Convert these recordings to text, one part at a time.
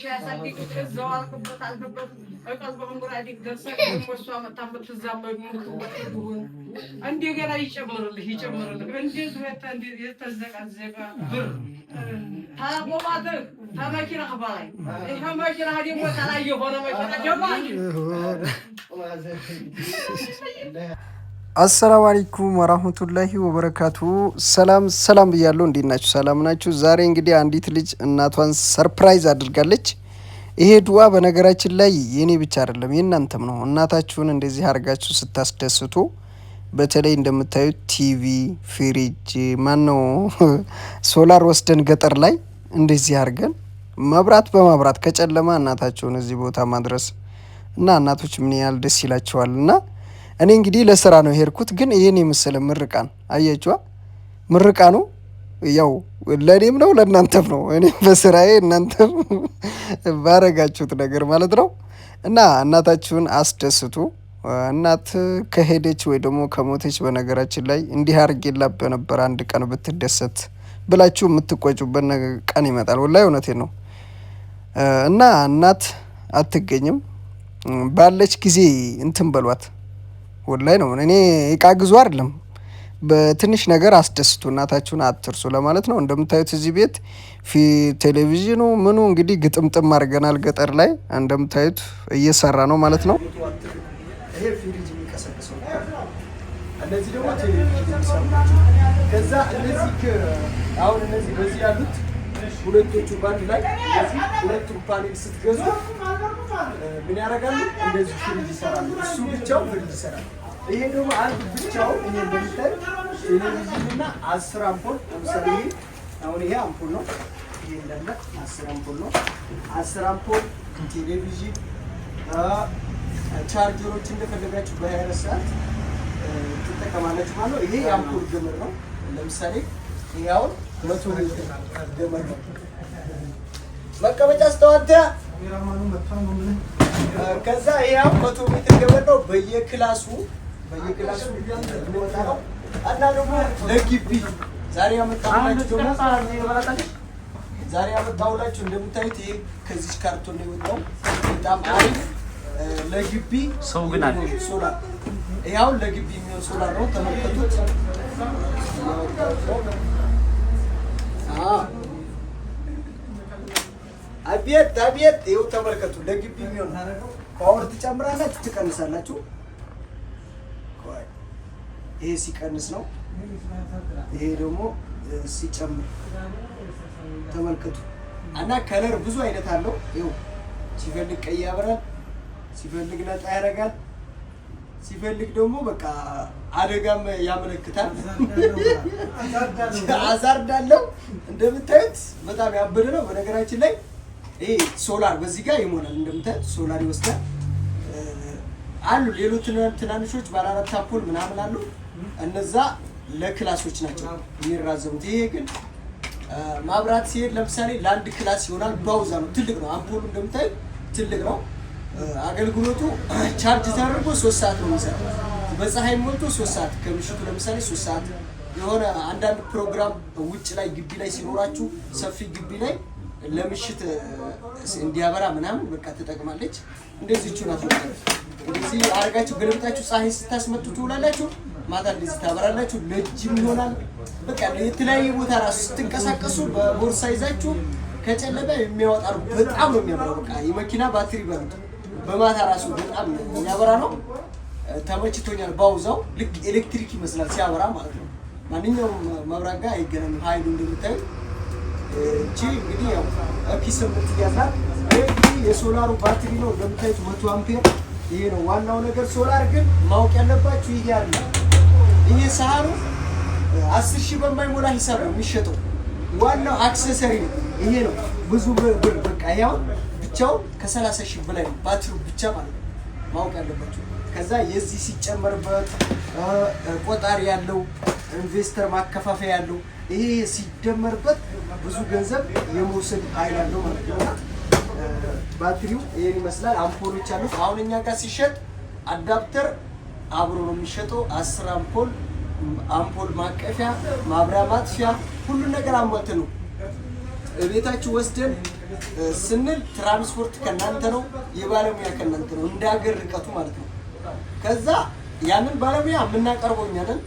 ሻያሳዲ እዛው አልኩበት አልኩበት እቀዝ በእንጉራዴ ደርሰህ እሷ መታ የምትዛመድ እንደገና ይጨምርልህ ይጨምርልህ እንዴት የተዘቃዘቀ ብር ተቆማትህ ተመኪናህ በላይ ይኸው መኪናህ ደግሞ ተላይ የሆነ መኪና ጀማ አሰላሙ አለይኩም ወራህመቱላሂ ወበረካቱ። ሰላም ሰላም ብያለሁ። እንዴት ናችሁ? ሰላም ናችሁ? ዛሬ እንግዲህ አንዲት ልጅ እናቷን ሰርፕራይዝ አድርጋለች። ይሄ ድዋ በነገራችን ላይ የኔ ብቻ አይደለም የእናንተም ነው። እናታችሁን እንደዚህ አድርጋችሁ ስታስደስቱ፣ በተለይ እንደምታዩት ቲቪ፣ ፍሪጅ፣ ማነው ሶላር ወስደን ገጠር ላይ እንደዚህ አድርገን መብራት በማብራት ከጨለማ እናታችሁን እዚህ ቦታ ማድረስ እና እናቶች ምን ያህል ደስ ይላቸዋል እና እኔ እንግዲህ ለስራ ነው የሄድኩት፣ ግን ይህን የመሰለ ምርቃን አያችዋ። ምርቃኑ ያው ለእኔም ነው ለእናንተም ነው። እኔ በስራዬ እናንተም ባረጋችሁት ነገር ማለት ነው። እና እናታችሁን አስደስቱ። እናት ከሄደች ወይ ደግሞ ከሞተች በነገራችን ላይ እንዲህ አርጌላ በነበር አንድ ቀን ብትደሰት ብላችሁ የምትቆጩበት ቀን ይመጣል። ወላሂ እውነቴ ነው። እና እናት አትገኝም ባለች ጊዜ እንትን በሏት ወላይ ነው እኔ እቃ ግዙ አይደለም በትንሽ ነገር አስደስቱ፣ እናታችሁን አትርሱ ለማለት ነው። እንደምታዩት እዚህ ቤት ቴሌቪዥኑ ምኑ እንግዲህ ግጥምጥም አድርገናል። ገጠር ላይ እንደምታዩት እየሰራ ነው ማለት ነው። እነዚህ ደግሞ ቴሌቪዥን ከዛ እነዚህ አሁን እነዚህ በዚህ ያሉት ሁለቶቹ ባንድ ላይ እዚህ ሁለቱን ፓኔል ስትገዙ ምን ያደርጋሉ? እንደዚህ ፍሪጅ ይሰራሉ። እሱ ብቻው ፍሪጅ ይሰራል። ይሄ ደግሞ አንድ ብቻው እኔ እንደምታይ ቴሌቪዥንና አስር አምፖል ለምሳሌ ይሄ አሁን ይሄ አምፖል ነው። ይሄ እንዳለ አስር አምፖል ነው። አስር አምፖል ቴሌቪዥን፣ ቻርጀሮች እንደፈለጋችሁ በሀያ አራት ሰዓት ትጠቀማላችሁ ማለት ነው። ይሄ የአምፖል ግምር ነው። ለምሳሌ ይሄ አሁን መቀመጫ ስተዋተ ከዛ ይኸው መቶ ሜትር ገመድ ነው በየክላሱ በየክላሱ እና ደግሞ ለግቢ ዛሬ ያመጣሁላችሁ ዛሬ ያመጣሁላችሁ እንደምታዩት ይሄ ከዚች ካርቶን ነው የወጣው። በጣም አሪፍ ለግቢ ሰው ግን አለ ሶላር ይኸው ለግቢ የሚሆን ሶላር ነው። ተመልከቱት። አቤት አቤት! ይኸው ተመልከቱ። ለግቢ የሚሆን ፓወር ትጨምራላችሁ፣ ትቀንሳላችሁ። ይሄ ሲቀንስ ነው፣ ይሄ ደግሞ ሲጨምር ተመልከቱ። እና ከለር ብዙ አይነት አለው። ይኸው ሲፈልግ ቀይ ያበራል፣ ሲፈልግ ነጣ ያደርጋል። ሲፈልግ ደግሞ በቃ አደጋም ያመለክታል። አዛርዳለው እንደምታዩት በጣም ያበደ ነው። በነገራችን ላይ ይሄ ሶላር በዚህ ጋር ይሞላል። እንደምታዩት ሶላር ይወስዳል። አሉ ሌሎች ትናንሾች ባለ አራት አምፖል ምናምን አሉ። እነዛ ለክላሶች ናቸው የሚራዘሙት። ይሄ ግን ማብራት ሲሄድ ለምሳሌ ለአንድ ክላስ ይሆናል። ባውዛ ነው፣ ትልቅ ነው። አምፖሉ እንደምታዩት ትልቅ ነው። አገልግሎቱ ቻርጅ ተደርጎ ሶስት ሰዓት ነው የሚሰራው። በፀሐይ ሞልቶ ሶስት ሰዓት ከምሽቱ ለምሳሌ ሶስት ሰዓት የሆነ አንዳንድ ፕሮግራም ውጭ ላይ ግቢ ላይ ሲኖራችሁ ሰፊ ግቢ ላይ ለምሽት እንዲያበራ ምናምን በቃ ትጠቅማለች። እንደዚህ እቹ ናት። እንደዚህ አድርጋችሁ ገለብጣችሁ ፀሐይ ስታስመጡ ትውላላችሁ። ማታ እንደዚህ ታበራላችሁ። ለእጅም ይሆናል። በቃ የተለያየ ቦታ ራሱ ስትንቀሳቀሱ በቦርሳ ይዛችሁ ከጨለመ የሚያወጣ በጣም ነው የሚያበራው። በቃ የመኪና ባትሪ በሉት በማታ ራሱ በጣም የሚያበራ ነው። ተመችቶኛል። ባውዛው ልክ ኤሌክትሪክ ይመስላል ሲያበራ ማለት ነው። ማንኛውም መብራት ጋር አይገናኝም ኃይሉ እንደምታዩ እቺ እንግዲህ ያው ኪስ የምትያዛት የሶላሩ ባትሪ ነው እንደምታዩት መቶ አምፔር ይሄ ነው ዋናው ነገር። ሶላር ግን ማወቅ ያለባችሁ ይሄ አለ ይሄ ሰሃኑ አስር ሺህ በማይሞላ ሂሳብ ነው የሚሸጠው። ዋናው አክሰሰሪ ነው ይሄ ነው ብዙ ብር በቃ ያው ከ ከሰላሳ ሺህ በላይ ባትሪው ብቻ ማለት ነው ማወቅ ያለባቸው። ከዛ የዚህ ሲጨመርበት ቆጣሪ ያለው ኢንቨስተር ማከፋፈያ ያለው ይሄ ሲደመርበት ብዙ ገንዘብ የመውሰድ ኃይል አለው ማለት ነው። ባትሪው ይሄን ይመስላል። አምፖሎች አሉ አሁን እኛ ጋር ሲሸጥ አዳፕተር አብሮ ነው የሚሸጠው። አስር አምፖል አምፖል ማቀፊያ፣ ማብሪያ ማጥፊያ ሁሉን ነገር አሟልተን ነው ቤታችሁ ወስደን ስንል ትራንስፖርት ከእናንተ ነው፣ የባለሙያ ከእናንተ ነው፣ እንደ ሀገር ርቀቱ ማለት ነው። ከዛ ያንን ባለሙያ የምናቀርበው እኛ ነን።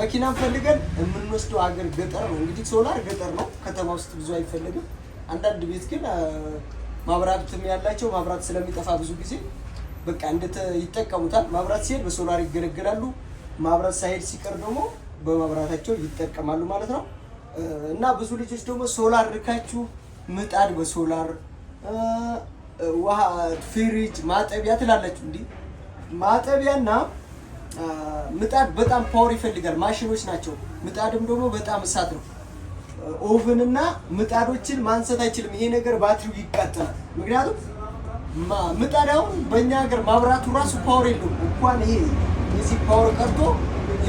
መኪናን ፈልገን የምንወስደው ሀገር ገጠር ነው። እንግዲህ ሶላር ገጠር ነው፣ ከተማ ውስጥ ብዙ አይፈልግም። አንዳንድ ቤት ግን ማብራትም ያላቸው ማብራት ስለሚጠፋ ብዙ ጊዜ በቃ እንደተ ይጠቀሙታል። ማብራት ሲሄድ በሶላር ይገለገላሉ። ማብራት ሳይሄድ ሲቀር ደግሞ በማብራታቸው ይጠቀማሉ ማለት ነው። እና ብዙ ልጆች ደግሞ ሶላር ርካችሁ ምጣድ በሶላር ውሃ፣ ፍሪጅ፣ ማጠቢያ ትላላችሁ። እንዲህ ማጠቢያና ምጣድ በጣም ፓወር ይፈልጋል ማሽኖች ናቸው። ምጣድም ደግሞ በጣም እሳት ነው። ኦቭንና ምጣዶችን ማንሳት አይችልም። ይሄ ነገር ባትሪው ይቃጠላል። ምክንያቱም ምጣድ አሁን በእኛ ሀገር ማብራቱ ራሱ ፓወር የለውም። እንኳን ይሄ የዚህ ፓወር ቀርቶ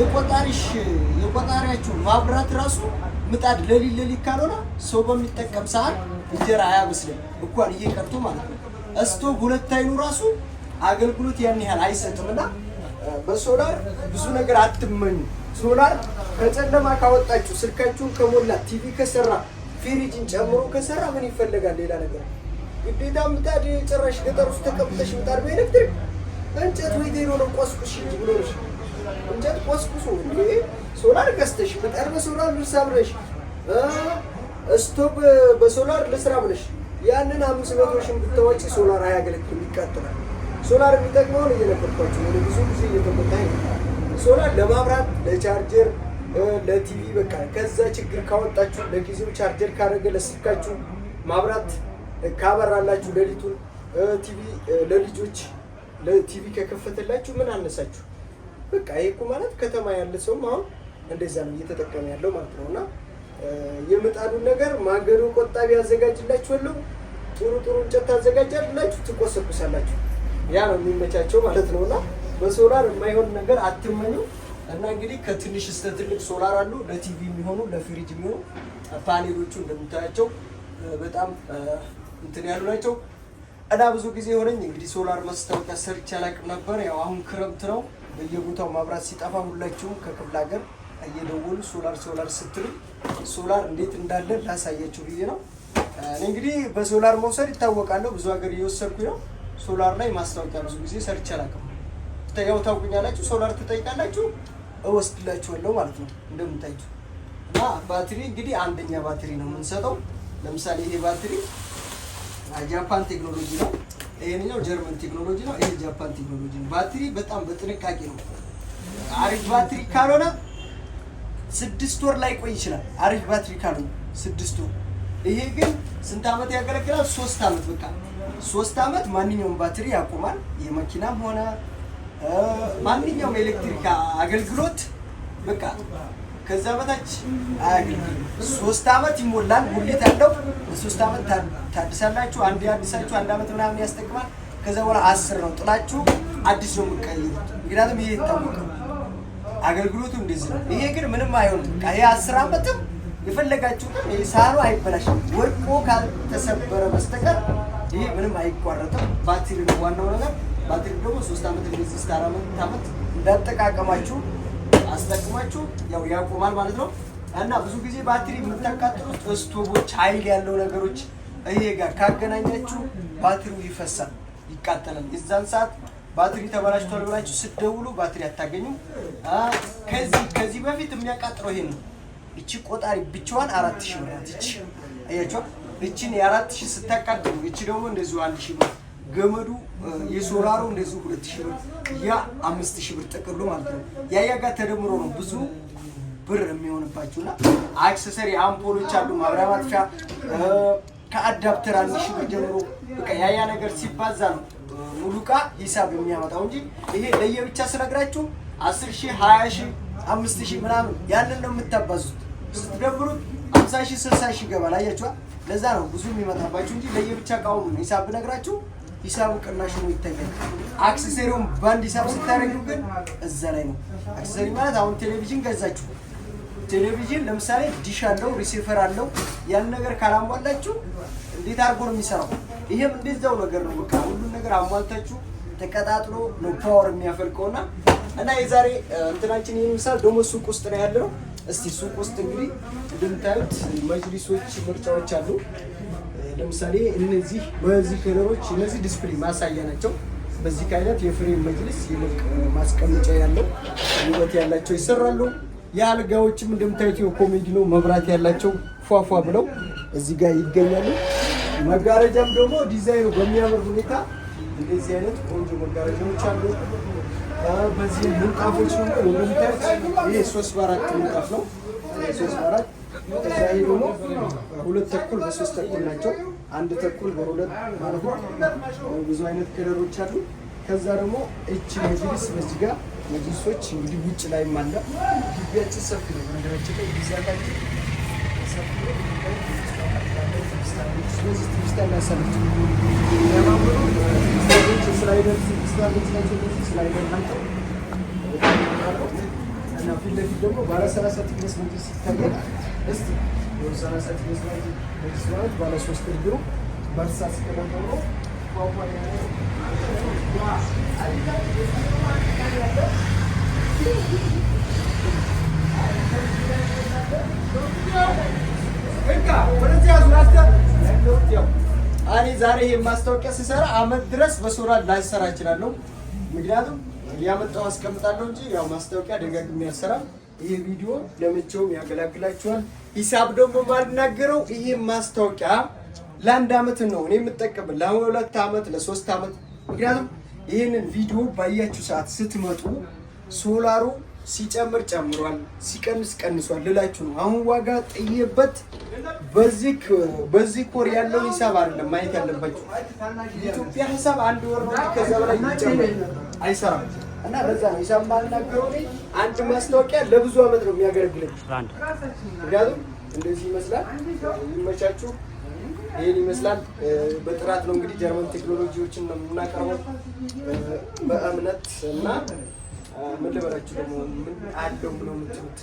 የቆጣሪሽ የቆጣሪያችሁ ማብራት ራሱ ምጣድ ለሊት ለሊት ካልሆነ ሰው በሚጠቀም ሰዓት እንጀራ አያበስልም እንኳን እየቀርቶ ማለት ነው። እስቶቭ ሁለት አይኑ ራሱ አገልግሎት ያን ያህል አይሰጥም እና በሶላር ብዙ ነገር አትመኙ። ሶላር ከጨለማ ካወጣችሁ፣ ስልካችሁን ከሞላ፣ ቲቪ ከሰራ፣ ፍሪጅን ጨምሮ ከሰራ ምን ይፈለጋል ሌላ ነገር? ግዴታ ምጣድ ጭራሽ ገጠር ውስጥ ተቀምጠሽ ምጣድ በኤሌክትሪክ እንጨት ወይ ዴሮ ነው ቆስቁሽ ብሎሽ እንጨት ቆስቁሶ ሶላር ገዝተሽ ምጣድ በሶላር ልስራ ብለሽ እስቶብ በሶላር ልስራ ብለሽ ያንን አምስት መቶ ሺህ ብትወጪ ሶላር አያገለግልም፣ ይቃጠላል። ሶላር የሚጠቅመውን እየነበርኳቸው ወደ ብዙ ጊዜ እየተቆጣኝ ሶላር ለማብራት ለቻርጀር፣ ለቲቪ በቃ ከዛ ችግር ካወጣችሁ ለጊዜው ቻርጀር ካደረገ ለስልካችሁ ማብራት ካበራላችሁ ለሊቱን ቲቪ ለልጆች ለቲቪ ከከፈተላችሁ ምን አነሳችሁ? በቃ ይሄ እኮ ማለት ከተማ ያለ ሰውም አሁን እንደዛ ነው እየተጠቀመ ያለው ማለት ነው። እና የምጣዱን ነገር ማገዶ ቆጣቢ ያዘጋጅላችኋለሁ። ጥሩ ጥሩ እንጨት ታዘጋጃላችሁ፣ ትቆሰቁሳላችሁ። ያ ነው የሚመቻቸው ማለት ነው። እና በሶላር የማይሆን ነገር አትመኙ። እና እንግዲህ ከትንሽ እስከ ትልቅ ሶላር አሉ። ለቲቪ የሚሆኑ ለፍሪጅ የሚሆኑ ፓኔሎቹ እንደምታያቸው በጣም እንትን ያሉ ናቸው። እና ብዙ ጊዜ የሆነኝ እንግዲህ ሶላር ማስታወቂያ ሰርቼ አላውቅም ነበር። ያው አሁን ክረምት ነው በየቦታው መብራት ሲጠፋ ሁላችሁም ከክፍለ ሀገር እየደወሉ ሶላር ሶላር ስትሉ ሶላር እንዴት እንዳለ ላሳያችሁ ብዬ ነው። እኔ እንግዲህ በሶላር መውሰድ ይታወቃለሁ። ብዙ ሀገር እየወሰድኩ ነው። ሶላር ላይ ማስታወቂያ ብዙ ጊዜ ሰርቼ አላውቅም። ያው ታውቁኛላችሁ። ሶላር ትጠይቃላችሁ፣ እወስድላችኋለሁ ማለት ነው እንደምታዩት። እና ባትሪ እንግዲህ አንደኛ ባትሪ ነው የምንሰጠው። ለምሳሌ ይሄ ባትሪ ጃፓን ቴክኖሎጂ ነው። ይህኛው ጀርመን ቴክኖሎጂ ነው። ይሄ ጃፓን ቴክኖሎጂ ነው። ባትሪ በጣም በጥንቃቄ ነው። አሪፍ ባትሪ ካልሆነ ስድስት ወር ላይ ቆይ ይችላል። አሪፍ ባትሪ ካልሆነ ስድስት ወር። ይሄ ግን ስንት ዓመት ያገለግላል? ሶስት ዓመት በቃ ሶስት ዓመት ማንኛውም ባትሪ ያቆማል። የመኪናም ሆነ ማንኛውም የኤሌክትሪክ አገልግሎት በቃ ከዛ በታች ሶስት አመት ይሞላል። ጉሌት ያለው ሶስት አመት ታድሳላችሁ። አንድ ያድሳችሁ አንድ አመት ምናምን ያስጠቅማል። ከዛ በኋላ አስር ነው ጥላችሁ አዲስ ነው የምትቀይሩት። ምክንያቱም ይሄ ይታወቃል። አገልግሎቱ እንደዚህ ነው። ይሄ ግን ምንም አይሆንም። ይሄ አስር አመትም የፈለጋችሁትም ይሄ አይበላሽም። ወድቆ ካልተሰበረ በስተቀር ይሄ ምንም አይቋረጥም። ባትሪ ነው ዋናው ነገር። ባትሪ ደግሞ ሶስት አመት እንደዚህ እስከ አራት አመት እንዳጠቃቀማችሁ አስጠቅማችሁ ያው ያቆማል ማለት ነው። እና ብዙ ጊዜ ባትሪ የምታቃጥሉት ስቶቦች፣ ኃይል ያለው ነገሮች ይሄ ጋር ካገናኛችሁ ባትሪው ይፈሳል፣ ይቃጠላል። የዛን ሰዓት ባትሪ ተበላሽቷል ብላችሁ ስትደውሉ ባትሪ አታገኙም። ከዚህ ከዚህ በፊት የሚያቃጥለው ይሄ ነው። እቺ ቆጣሪ ብቻዋን አራት ሺህ ናት። እቺ አያችኋት፣ እቺን የአራት ሺህ ስታቃጥሉ፣ እቺ ደግሞ እንደዚሁ አንድ ሺህ ነው። ገመዱ የሶራሮ እንደዚህ ሁለት ሺህ ብር ያ አምስት ሺህ ብር ጥቅሉ ማለት ነው። ያያ ጋር ተደምሮ ነው ብዙ ብር የሚሆንባችሁና አክሰሰሪ አምፖሎች አሉ፣ ማብሪያ ማጥፊያ ከአዳፕተር አንድ ሺህ ብር ጀምሮ በቃ ያያ ነገር ሲባዛ ነው ሙሉ እቃ ሂሳብ የሚያመጣው እንጂ ይሄ ለየብቻ ስነግራችሁ አስር ሺህ ሀያ ሺህ አምስት ሺህ ምናምን ያንን ነው የምታባዙት። ስትደምሩት አምሳ ሺህ ስልሳ ሺህ ይገባል። አያችኋል። ለዛ ነው ብዙ የሚመጣባችሁ እንጂ ለየብቻ እቃውን ሂሳብ ብነግራችሁ ሂሳቡ ቅናሽ ነው ይታያል። አክሰሰሪውን በአንድ ሂሳብ ስታደርጉ ግን እዛ ላይ ነው። አክሰሰሪ ማለት አሁን ቴሌቪዥን ገዛችሁ። ቴሌቪዥን ለምሳሌ ዲሽ አለው፣ ሪሲቨር አለው። ያን ነገር ካላሟላችሁ እንዴት አድርጎ ነው የሚሰራው? ይሄም እንደዛው ነገር ነው። በቃ ሁሉን ነገር አሟልታችሁ ተቀጣጥሎ ነው ፓወር የሚያፈልቀውና እና የዛሬ እንትናችን ይህን ምሳል ደግሞ ሱቅ ውስጥ ነው ያለው። እስቲ ሱቅ ውስጥ እንግዲህ እንደምታዩት መጅሊሶች ምርጫዎች አሉ። ለምሳሌ እነዚህ በዚህ ከለሮች እነዚህ ዲስፕሌይ ማሳያ ናቸው። በዚህ ከአይነት የፍሬም መጅልስ ማስቀመጫ ያለው ውበት ያላቸው ይሰራሉ። የአልጋዎችም እንደምታዩት የኮሜዲ ነው። መብራት ያላቸው ፏፏ ብለው እዚህ ጋር ይገኛሉ። መጋረጃም ደግሞ ዲዛይኑ በሚያምር ሁኔታ እንደዚህ አይነት ቆንጆ መጋረጃዎች አሉ። በዚህ ምንጣፎች ደግሞ እንደምታዩት ይህ ሶስት በአራት ምንጣፍ ነው ሶስት በአራት እዛ ደግሞ ሁለት ተኩል በሶስት ተኩል ናቸው። አንድ ተኩል በሁለት ማለት ነው። ብዙ አይነት ከለሮች አሉ። ከዛ ደግሞ እቺ መጅሊስ በዚህ ጋር መጅሊሶች እንግዲህ ውጭ ላይም አለ። ግቢያችን ሰፊ ነው። ነገራችን ላይ ጊዜያታችን እና ፊት ለፊት ደግሞ ባለ ሰላሳ ትግነስ መጅሊስ ይታያል። እስቲ የወሰነ ሰት መስራት መስራት ባለ ሶስት እግሩ በእርሳስ ቀለም እኔ ዛሬ የማስታወቂያ ስሰራ አመት ድረስ በሶራ ላይሰራ እችላለሁ። ምክንያቱም ያመጣው አስቀምጣለሁ እንጂ ያው ማስታወቂያ ደጋግሜ አልሰራም። ይህ ቪዲዮ ለመቼውም ያገለግላችኋል። ሂሳብ ደግሞ የማልናገረው ይህ ማስታወቂያ ለአንድ አመት ነው እኔ የምጠቀምበት፣ ለሁለት አመት ለሶስት አመት። ምክንያቱም ይህንን ቪዲዮ ባያችሁ ሰዓት ስትመጡ ሶላሩ ሲጨምር ጨምሯል፣ ሲቀንስ ቀንሷል ልላችሁ ነው። አሁን ዋጋ ጥዬበት በዚህ ኮር ያለው ሂሳብ አይደለም ማየት ያለባችሁ። ኢትዮጵያ ሂሳብ አንድ ወር ከዛ በላይ አይሰራም። እና በዛ ሂሳብ ማልናገረው ላይ አንድ ማስታወቂያ ለብዙ አመት ነው የሚያገለግለኝ። ምክንያቱም እንደዚህ ይመስላል። ይመቻችሁ። ይህን ይመስላል። በጥራት ነው እንግዲህ ጀርመን ቴክኖሎጂዎችን ነው የምናቀርበው በእምነት እና ምን ልበላችሁ ደግሞ ምን አለው ምነው የምትሉት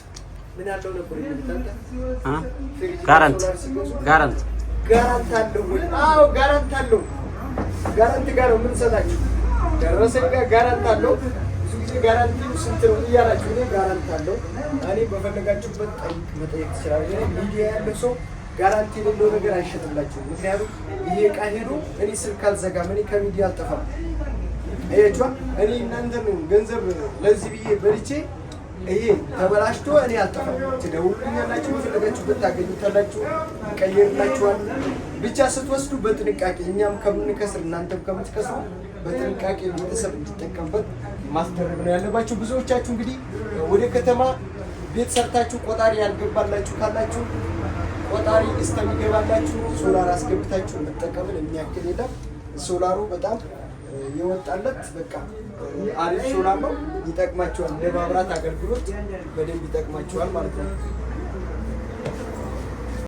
ምን አለው ነበር ጋራንት ጋራንት ጋራንት አለው ወይ? አዎ ጋራንት አለው። ጋራንት ጋር ነው የምንሰጣችሁ ደረሰኝ ጋር ጋራንት አለው። እንጂ ጋራንቲ ስንት ነው እያላችሁ እኔ ጋራንት አለው። እኔ በፈለጋችሁበት መጠየቅ ትችላለህ። ሚዲያ ያለው ሰው ጋራንቲ የሌለው ነገር አይሸጥላችሁም። ምክንያቱም ይሄ ዕቃ ሄዶ እኔ ስልክ አልዘጋም፣ እኔ ከሚዲያ አልጠፋም። እኔ እናንተን ገንዘብ ለዚህ ብዬ በልቼ ይሄ ተበላሽቶ እኔ አልጠፋም። ትደውሉልኛላችሁ፣ የፈለጋችሁበት ታገኙታላችሁ፣ ይቀየርላችኋል። ብቻ ስትወስዱ በጥንቃቄ እኛም ከምንከስር እናንተም ከምትከስሩ በጥንቃቄ ቤተሰብ እንዲጠቀምበት ማስደረግ ነው ያለባችሁ። ብዙዎቻችሁ እንግዲህ ወደ ከተማ ቤት ሰርታችሁ ቆጣሪ ያልገባላችሁ ካላችሁ ቆጣሪ እስከሚገባላችሁ ሶላር አስገብታችሁ መጠቀምን የሚያክል የለም። ሶላሩ በጣም የወጣለት በቃ አሪፍ ሶላር ነው። ይጠቅማቸዋል። ለማብራት አገልግሎት በደንብ ይጠቅማቸዋል ማለት ነው።